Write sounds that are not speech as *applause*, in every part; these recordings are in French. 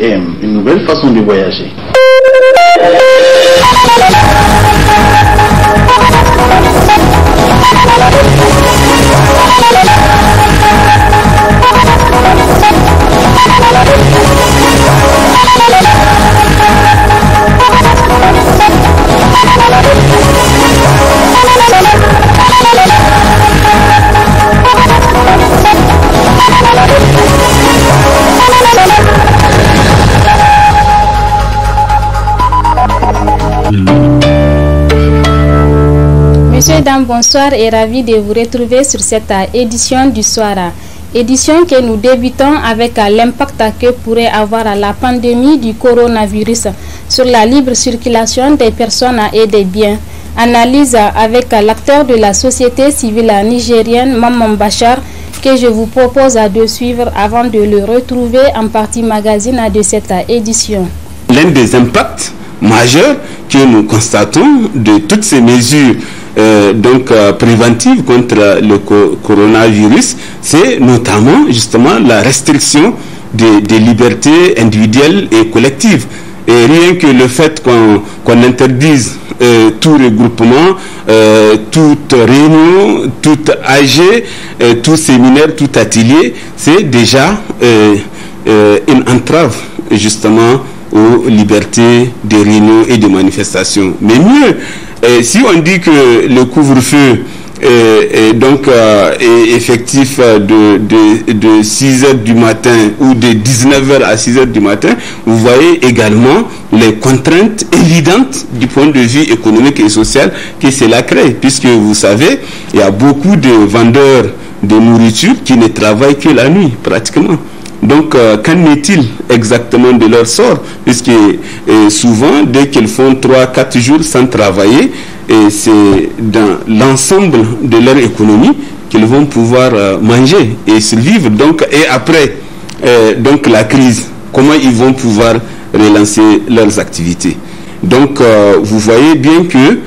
une nouvelle façon de voyager. Monsieur, dame, bonsoir et ravi de vous retrouver sur cette euh, édition du soir. Édition que nous débutons avec euh, l'impact que pourrait avoir euh, la pandémie du coronavirus sur la libre circulation des personnes et des biens. Analyse avec l'acteur de la société civile nigérienne Maman Bachar que je vous propose de suivre avant de le retrouver en partie magazine de cette édition. L'un des impacts majeurs que nous constatons de toutes ces mesures euh, donc euh, préventive contre le coronavirus, c'est notamment justement la restriction des, libertés individuelles et collectives. Et rien que le fait qu'on interdise euh, tout regroupement, euh, toute réunion, tout AG, tout séminaire, tout atelier, c'est déjà une entrave justement aux libertés de réunion et de manifestations. Mais mieux, euh, si on dit que le couvre-feu euh, est, donc euh, effectif de, de 6 h du matin ou de 19h à 6 h du matin, vous voyez également les contraintes évidentes du point de vue économique et social que cela crée, puisque vous savez, il y a beaucoup de vendeurs de nourriture qui ne travaillent que la nuit, pratiquement. Donc, euh, qu'en est-il exactement de leur sort Puisque euh, souvent, dès qu'ils font 3-4 jours sans travailler, c'est dans l'ensemble de leur économie qu'ils vont pouvoir euh, manger et survivre. Donc, et après donc la crise, comment ils vont pouvoir relancer leurs activités Donc, vous voyez bien que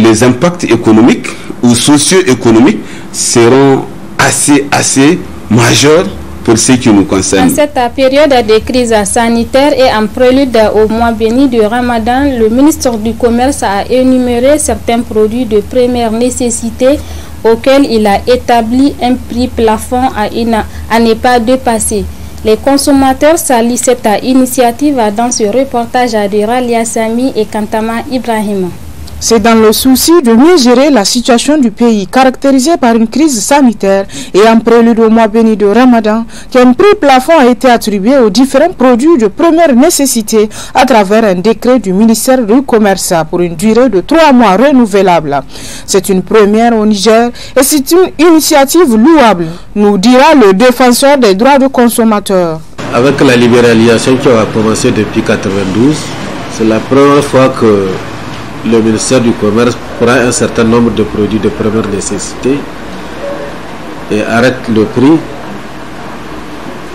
les impacts économiques ou socio-économiques seront assez, assez majeurs pour ce qui nous concerne. En cette période de crise sanitaire et en prélude au mois béni de Ramadan, le ministre du Commerce a énuméré certains produits de première nécessité auxquels il a établi un prix plafond à, ne pas dépasser. Les consommateurs saluent cette initiative dans ce reportage à Dura et Kantama Ibrahim. C'est dans le souci de mieux gérer la situation du pays caractérisée par une crise sanitaire et en prélude au mois béni de Ramadan qu'un prix plafond a été attribué aux différents produits de première nécessité à travers un décret du ministère du Commerce pour une durée de trois mois renouvelable. C'est une première au Niger et c'est une initiative louable, nous dira le défenseur des droits de consommateur. Avec la libéralisation qui a commencé depuis 1992, c'est la première fois que le ministère du Commerce prend un certain nombre de produits de première nécessité et arrête le prix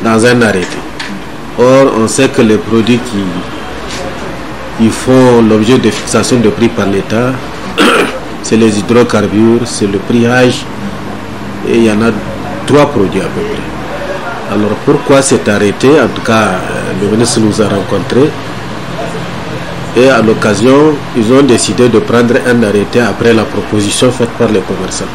dans un arrêté. Or, on sait que les produits qui, font l'objet de fixation de prix par l'État, *coughs* c'est les hydrocarbures, c'est le priage, et il y en a trois produits à peu près. Alors pourquoi cet arrêté En tout cas, euh, le ministre nous a rencontrés et à l'occasion, ils ont décidé de prendre un arrêté après la proposition faite par les commerçants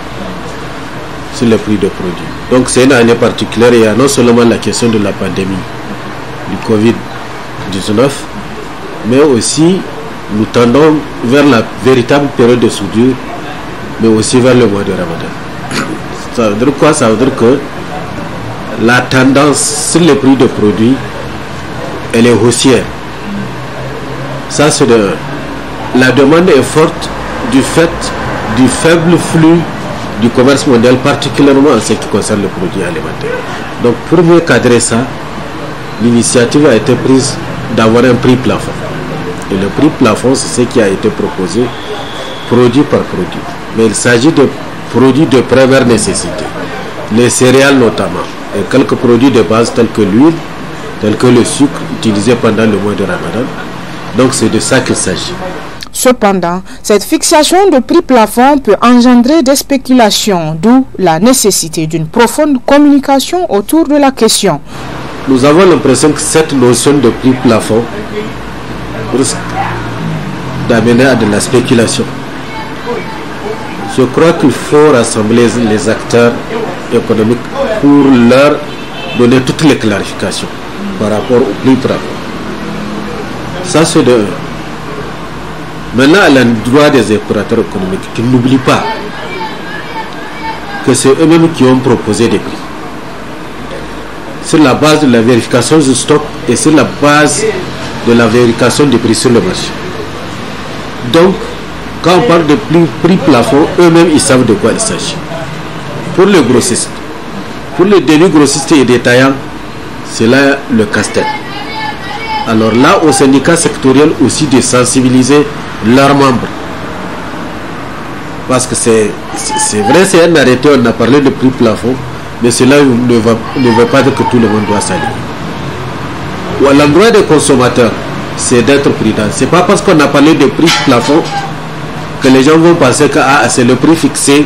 sur les prix de produits. Donc c'est une année particulière, il y a non seulement la question de la pandémie du Covid-19, mais aussi nous tendons vers la véritable période de soudure, mais aussi vers le mois de Ramadan. Ça veut dire quoi Ça veut dire que la tendance sur les prix de produits, elle est haussière. Ça, c'est de... La demande est forte du fait du faible flux du commerce mondial, particulièrement en ce qui concerne les produits alimentaires. Donc, pour mieux cadrer ça, l'initiative a été prise d'avoir un prix plafond. Et le prix plafond, c'est ce qui a été proposé produit par produit. Mais il s'agit de produits de première nécessité, les céréales notamment, et quelques produits de base tels que l'huile, tels que le sucre utilisé pendant le mois de Ramadan, donc c'est de ça qu'il s'agit. Cependant, cette fixation de prix plafond peut engendrer des spéculations, d'où la nécessité d'une profonde communication autour de la question. Nous avons l'impression que cette notion de prix plafond risque d'amener à de la spéculation. Je crois qu'il faut rassembler les acteurs économiques pour leur donner toutes les clarifications par rapport au prix plafond. Ça, c'est de. Maintenant, le droit des opérateurs économiques, qu'ils n'oublient pas que c'est eux-mêmes qui ont proposé des prix. c'est la base de la vérification du stock et c'est la base de la vérification des prix sur le marché. Donc, quand on parle de prix, prix plafond, eux-mêmes, ils savent de quoi il s'agit. Pour les grossistes, pour les demi-grossistes et détaillants, c'est là le casse-tête alors là au syndicat sectoriel aussi de sensibiliser leurs membres. Parce que c'est vrai, c'est un arrêté, on a parlé de prix plafond, mais cela ne veut, ne veut pas dire que tout le monde doit s'allier Ou à l'endroit des consommateurs, c'est d'être prudent. C'est pas parce qu'on a parlé de prix plafond que les gens vont penser que ah, c'est le prix fixé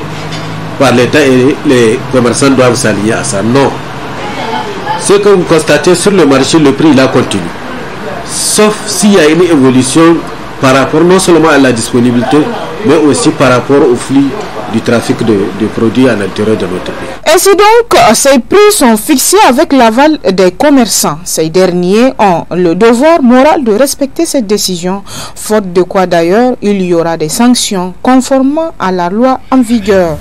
par l'État et les commerçants doivent s'allier à ça. Non. Ce que vous constatez sur le marché, le prix, il a continué sauf s'il y a une évolution par rapport non seulement à la disponibilité, mais aussi par rapport au flux du trafic de, produits à l'intérieur de notre pays. Ainsi donc, ces prix sont fixés avec l'aval des commerçants. Ces derniers ont le devoir moral de respecter cette décision, faute de quoi d'ailleurs il y aura des sanctions conformément à la loi en vigueur.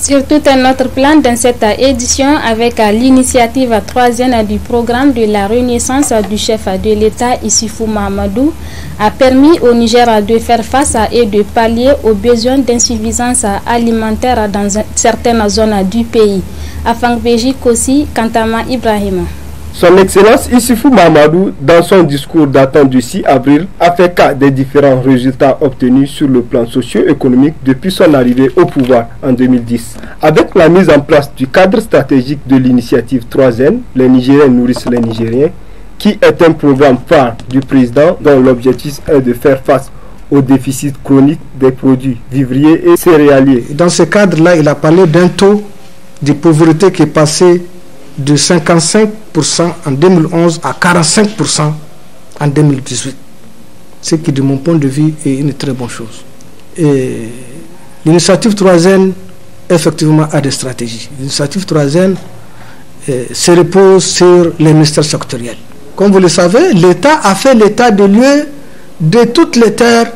Sur tout un autre plan, dans cette édition, avec l'initiative troisième du programme de la renaissance du chef de l'État, Issifou Mahamadou, a permis au Niger de faire face et de pallier aux besoins d'insuffisance alimentaire dans certaines zones du pays. Afang Beji Kossi, Kantama Ibrahima. Son Excellence Issifou Mamadou, dans son discours datant du 6 avril, a fait cas des différents résultats obtenus sur le plan socio-économique depuis son arrivée au pouvoir en 2010. Avec la mise en place du cadre stratégique de l'initiative 3N, les Nigériens nourrissent les Nigériens, qui est un programme phare du président dont l'objectif est de faire face au déficit chronique des produits vivriers et céréaliers. Dans ce cadre-là, il a parlé d'un taux de pauvreté qui est passé de 55% en 2011 à 45% en 2018. Ce qui, de mon point de vue, est une très bonne chose. L'initiative l'initiative troisième, effectivement, a des stratégies. L'initiative troisième n euh, se repose sur les ministères sectoriels. Comme vous le savez, l'État a fait l'état de lieu de toutes les terres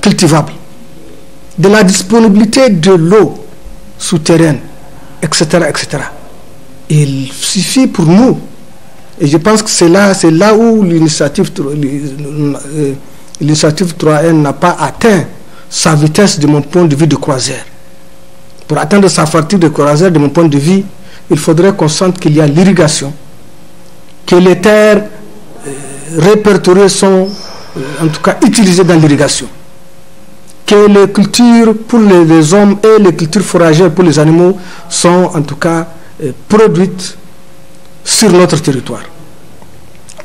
cultivables, de la disponibilité de l'eau souterraine, etc., etc il suffit pour nous. Et je pense que c'est là, c'est là où l'initiative, 3N euh, n'a pas atteint sa vitesse de mon point de vue de croisière. Pour atteindre sa fatigue de croisière, de mon point de vue, il faudrait qu'on sente qu'il y a l'irrigation, que les terres euh, répertoriées sont euh, en tout cas utilisées dans l'irrigation, que les cultures pour les, hommes et les cultures foragères pour les animaux sont en tout cas euh, produites sur notre territoire.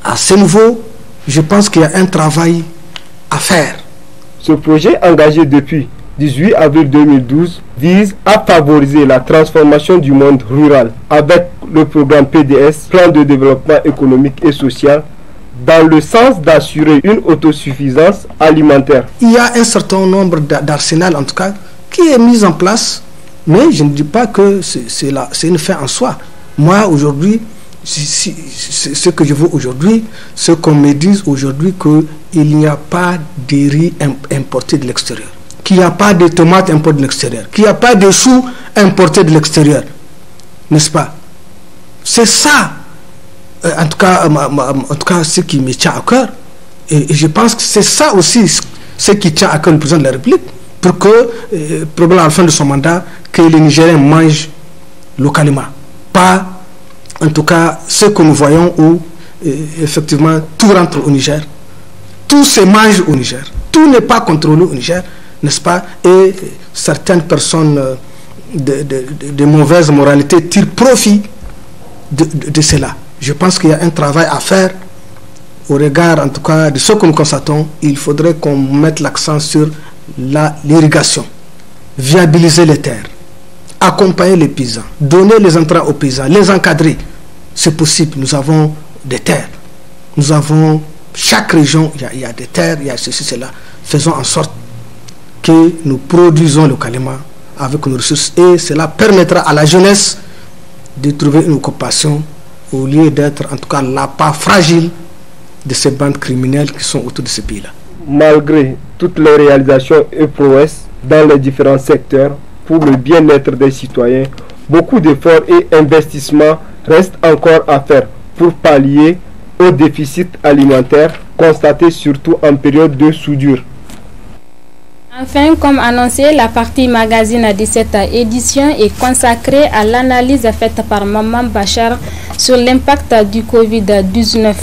À ce niveau, je pense qu'il y a un travail à faire. Ce projet engagé depuis 18 avril 2012 vise à favoriser la transformation du monde rural avec le programme PDS, Plan de développement économique et social, dans le sens d'assurer une autosuffisance alimentaire. Il y a un certain nombre d'arsenal, en tout cas, qui est mis en place mais je ne dis pas que c'est une fin en soi. Moi, aujourd'hui, ce que je veux aujourd'hui, ce qu'on me dise aujourd'hui qu'il n'y a pas de riz importé de l'extérieur, qu'il n'y a pas de tomates importées de l'extérieur, qu'il n'y a pas de sous importés de l'extérieur. N'est-ce pas C'est ça, euh, en tout, cas, en tout cas, ce qui me tient à cœur. Et je pense que c'est ça aussi ce qui tient à cœur le président de la République pour que, euh, probablement à la fin de son mandat, que les Nigériens mangent localement. Pas, en tout cas, ce que nous voyons où, euh, effectivement, tout rentre au Niger. Tout se mange au Niger. Tout n'est pas contrôlé au Niger, n'est-ce pas Et certaines personnes euh, de, de, mauvaise moralité tirent profit de cela. Je pense qu'il y a un travail à faire au regard, en tout cas, de ce que nous constatons. Il faudrait qu'on mette l'accent sur l'irrigation, viabiliser les terres, accompagner les paysans, donner les entrées aux paysans, les encadrer. C'est possible, nous avons des terres. Nous avons, chaque région, il y, a des terres, il y a ceci, cela. Faisons en sorte que nous produisons localement avec nos ressources et cela permettra à la jeunesse de trouver une occupation au lieu d'être en tout cas la part fragile de ces bandes criminelles qui sont autour de ce pays-là malgré toutes les réalisations et prouesses dans les différents secteurs pour le bien-être des citoyens, beaucoup d'efforts et investissements restent encore à faire pour pallier au déficit alimentaire constaté surtout en période de soudure. Enfin, comme annoncé, la partie magazine à cette édition est consacrée à l'analyse faite par Maman Bachar sur l'impact du Covid-19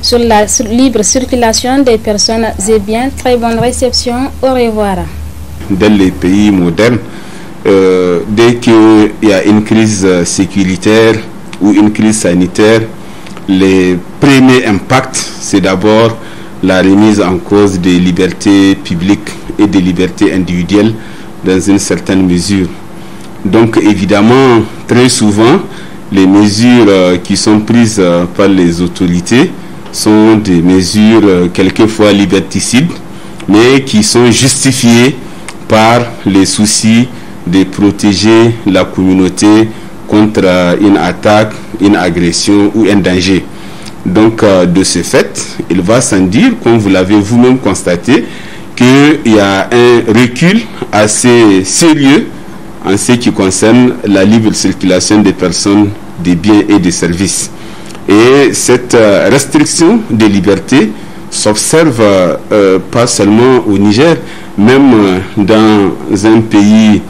sur la libre circulation des personnes et bien Très bonne réception. Au revoir. Dans les pays modernes, euh, dès qu'il y a une crise euh, sécuritaire ou une crise sanitaire, les premiers impacts, c'est d'abord la remise en cause des libertés publiques et des libertés individuelles dans une certaine mesure. Donc évidemment, très souvent, les mesures euh, qui sont prises par les autorités sont des mesures euh, quelquefois liberticides, mais qui sont justifiées par les soucis de protéger la communauté contre euh, une attaque, une agression ou un danger. Donc, euh, de ce fait, il va sans dire, comme vous l'avez vous-même constaté, qu'il y a un recul assez sérieux en ce qui concerne la libre circulation des personnes, des biens et des services. Et cette euh, restriction des libertés s'observe euh, pas seulement au Niger, même euh, dans un pays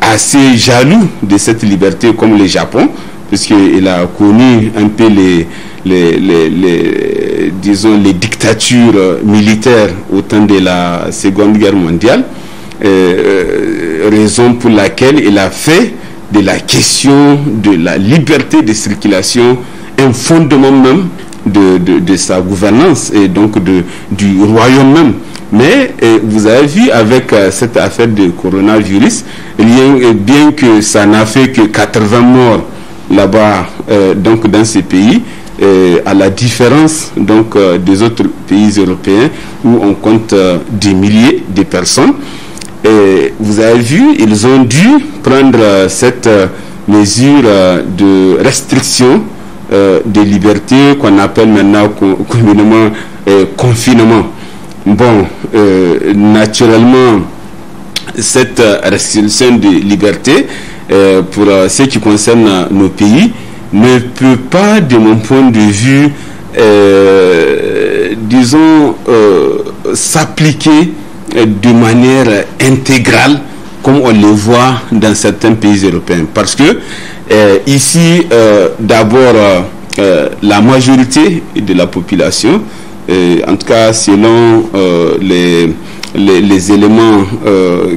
assez jaloux de cette liberté comme le Japon, puisqu'il a connu un peu les, disons, les dictatures militaires au temps de la Seconde Guerre mondiale, raison pour laquelle il a fait de la question de la liberté de circulation un fondement même de, de, sa gouvernance et donc de, du royaume même. Mais eh, vous avez vu avec euh, cette affaire de coronavirus, bien, eh, bien que ça n'a fait que 80 morts là-bas, euh, donc dans ces pays, eh, à la différence donc euh, des autres pays européens où on compte des milliers de personnes, et vous avez vu, ils ont dû prendre cette mesure de restriction euh, de liberté qu'on appelle maintenant communément euh, confinement. Bon, euh, naturellement, cette restriction de liberté pour ce qui concerne nos pays ne peut pas, de mon point de vue, disons, s'appliquer de manière intégrale on les voit dans certains pays européens. Parce que euh, ici, euh, d'abord, euh, la majorité de la population, en tout cas selon les, les, éléments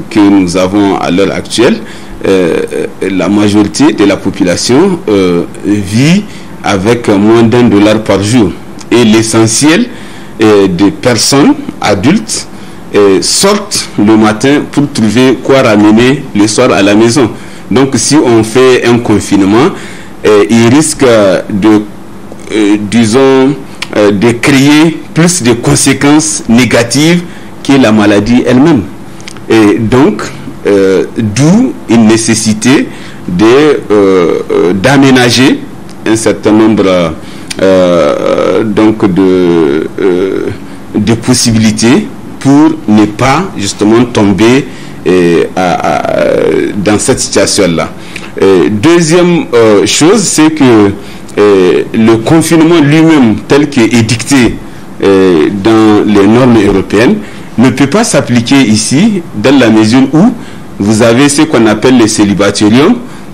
que nous avons à l'heure actuelle, la majorité de la population vit avec moins d'un dollar par jour. Et l'essentiel des personnes adultes sortent le matin pour trouver quoi ramener le soir à la maison. Donc si on fait un confinement, euh, il risque de, euh, disons, euh, de créer plus de conséquences négatives que la maladie elle-même. Et donc, euh, d'où une nécessité d'aménager un certain nombre donc de, de possibilités pour ne pas justement tomber euh, dans cette situation-là. Euh, deuxième euh, chose, c'est que le confinement lui-même, tel qu'il est dicté dans les normes européennes, ne peut pas s'appliquer ici, dans la mesure où vous avez ce qu'on appelle les célibataires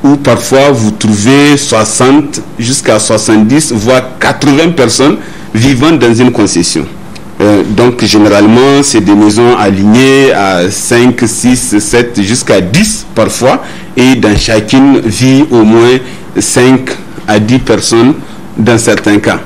où parfois vous trouvez 60 jusqu'à 70, voire 80 personnes vivant dans une concession. Euh, donc généralement, c'est des maisons alignées à 5, 6, 7, jusqu'à 10 parfois. Et dans chacune vit au moins 5 à 10 personnes dans certains cas.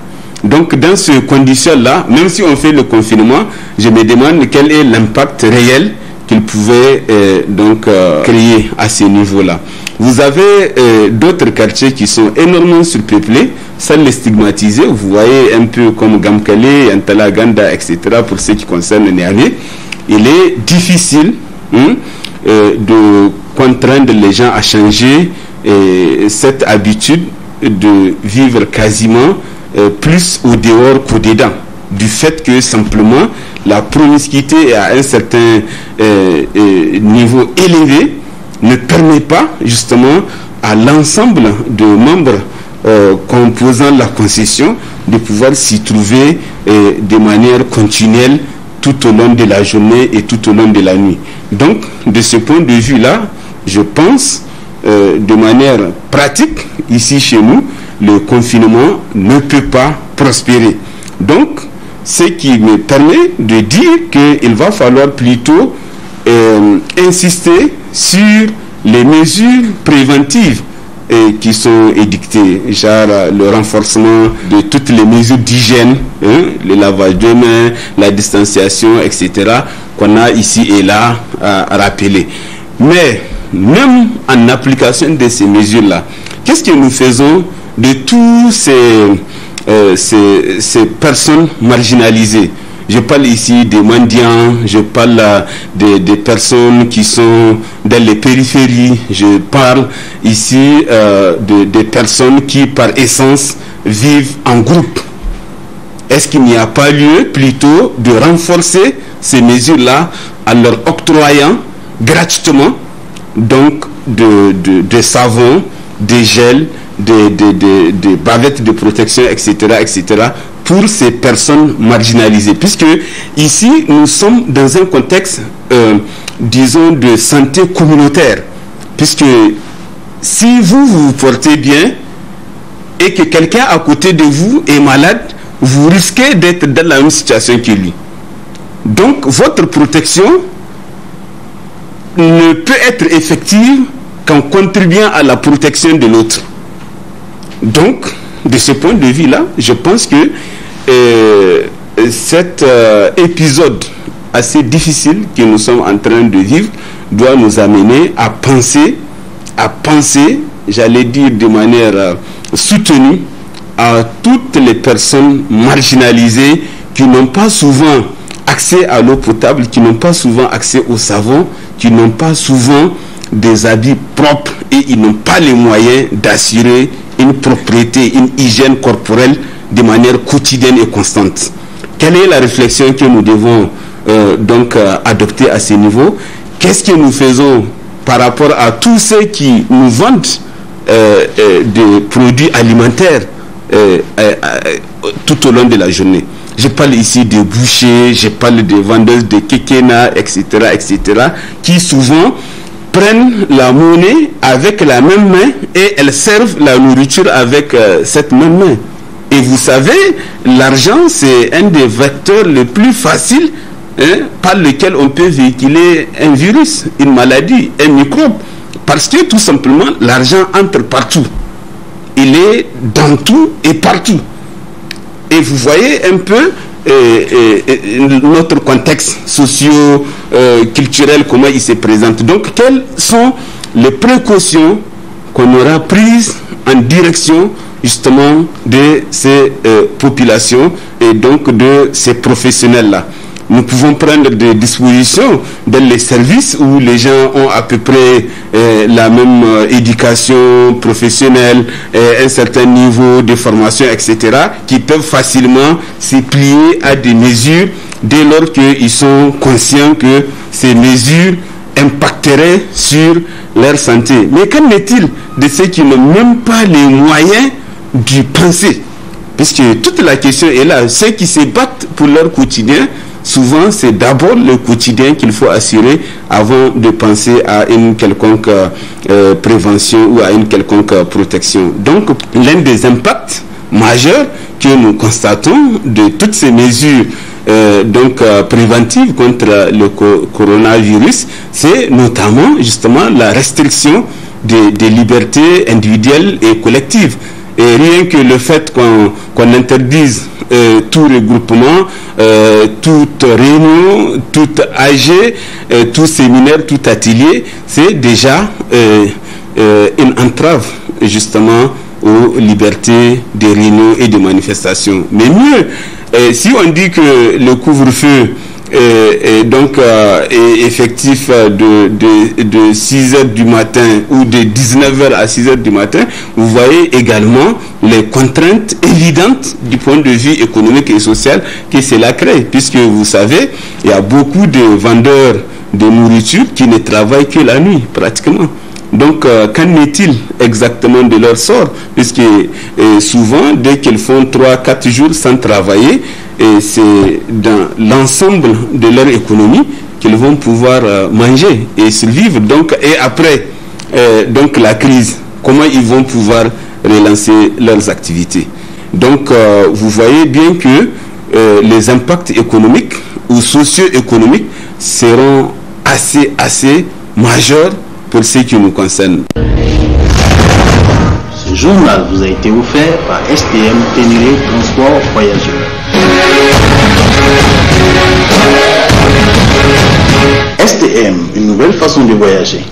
Donc dans ces conditions-là, même si on fait le confinement, je me demande quel est l'impact réel qu'il pouvait euh, euh, créer à ce niveau-là. Vous avez euh, d'autres quartiers qui sont énormément surpeuplés, sans les stigmatiser. Vous voyez un peu comme Gamkale, Antalaganda, etc. Pour ce qui concerne Niamey, il est difficile hein, euh, de contraindre les gens à changer euh, cette habitude de vivre quasiment plus au dehors qu'au dedans du fait que simplement la promiscuité est à un certain niveau élevé ne permet pas justement à l'ensemble de membres euh, composant la concession de pouvoir s'y trouver euh, de manière continuelle tout au long de la journée et tout au long de la nuit. Donc, de ce point de vue-là, je pense euh, de manière pratique, ici chez nous, le confinement ne peut pas prospérer. Donc, ce qui me permet de dire qu'il va falloir plutôt euh, insister sur les mesures préventives et euh, qui sont édictées, genre euh, le renforcement de toutes les mesures d'hygiène, hein, le lavage de mains, la distanciation, etc., qu'on a ici et là à, rappeler. Mais même en application de ces mesures-là, qu'est-ce que nous faisons de tous ces personnes marginalisées je parle ici des mendiants, je parle euh, des, personnes qui sont dans les périphéries, je parle ici euh, des personnes qui, par essence, vivent en groupe. Est-ce qu'il n'y a pas lieu plutôt de renforcer ces mesures-là en leur octroyant gratuitement donc de, des gels, des bavettes de protection, etc., etc., pour ces personnes marginalisées. Puisque ici, nous sommes dans un contexte, euh, disons, de santé communautaire. Puisque si vous vous portez bien et que quelqu'un à côté de vous est malade, vous risquez d'être dans la même situation que lui. Donc, votre protection ne peut être effective qu'en contribuant à la protection de l'autre. Donc, de ce point de vue-là, je pense que et cet euh, épisode assez difficile que nous sommes en train de vivre doit nous amener à penser, à penser, j'allais dire de manière euh, soutenue, à toutes les personnes marginalisées qui n'ont pas souvent accès à l'eau potable, qui n'ont pas souvent accès au savon, qui n'ont pas souvent des habits propres et ils n'ont pas les moyens d'assurer une propriété, une hygiène corporelle de manière quotidienne et constante. Quelle est la réflexion que nous devons euh, donc euh, adopter à ce niveau Qu'est-ce que nous faisons par rapport à tous ceux qui nous vendent euh, des produits alimentaires tout au long de la journée je parle ici de bouchers, je parle des vendeuses de kekena, etc., etc., qui souvent prennent la monnaie avec la même main et elles servent la nourriture avec euh, cette même main. Et vous savez, l'argent, c'est un des vecteurs les plus faciles hein, par lequel on peut véhiculer un virus, une maladie, un microbe. Parce que tout simplement, l'argent entre partout. Il est dans tout et partout. Et vous voyez un peu et, notre contexte socio-culturel, comment il se présente. Donc, quelles sont les précautions qu'on aura prises en direction justement de ces euh, populations et donc de ces professionnels-là nous pouvons prendre des dispositions dans les services où les gens ont à peu près euh, la même euh, éducation professionnelle, euh, un certain niveau de formation, etc., qui peuvent facilement se plier à des mesures dès lors qu'ils sont conscients que ces mesures impacteraient sur leur santé. Mais qu'en est-il de ceux qui n'ont même pas les moyens d'y penser Puisque toute la question est là. Ceux qui se battent pour leur quotidien souvent c'est d'abord le quotidien qu'il faut assurer avant de penser à une quelconque euh, euh, prévention ou à une quelconque euh, protection. Donc l'un des impacts majeurs que nous constatons de toutes ces mesures préventives donc contre le coronavirus, c'est notamment justement la restriction des libertés individuelles et collectives rien que le fait qu'on interdise euh, tout regroupement, euh, réunion, tout AG, euh, tout séminaire, tout atelier, c'est déjà euh, une entrave justement aux libertés de réunions et de manifestations. Mais mieux, si on dit que le couvre-feu euh, et, donc euh, effectif euh, de, de, de 6h du matin ou de 19h à 6h du matin, vous voyez également les contraintes évidentes du point de vue économique et social que cela crée. Puisque vous savez, il y a beaucoup de vendeurs de nourriture qui ne travaillent que la nuit pratiquement. Donc, qu'en est-il exactement de leur sort Puisque souvent, dès qu'ils font 3-4 jours sans travailler, et c'est dans l'ensemble de leur économie qu'ils vont pouvoir euh, manger et survivre. Donc, et après euh, donc la crise, comment ils vont pouvoir relancer leurs activités. Donc, euh, vous voyez bien que les impacts économiques ou socio-économiques seront assez, assez majeurs pour ceux qui nous concernent. Ce journal vous a été offert par STM Ténéré Transport Voyageurs. STM, une nouvelle façon de voyager.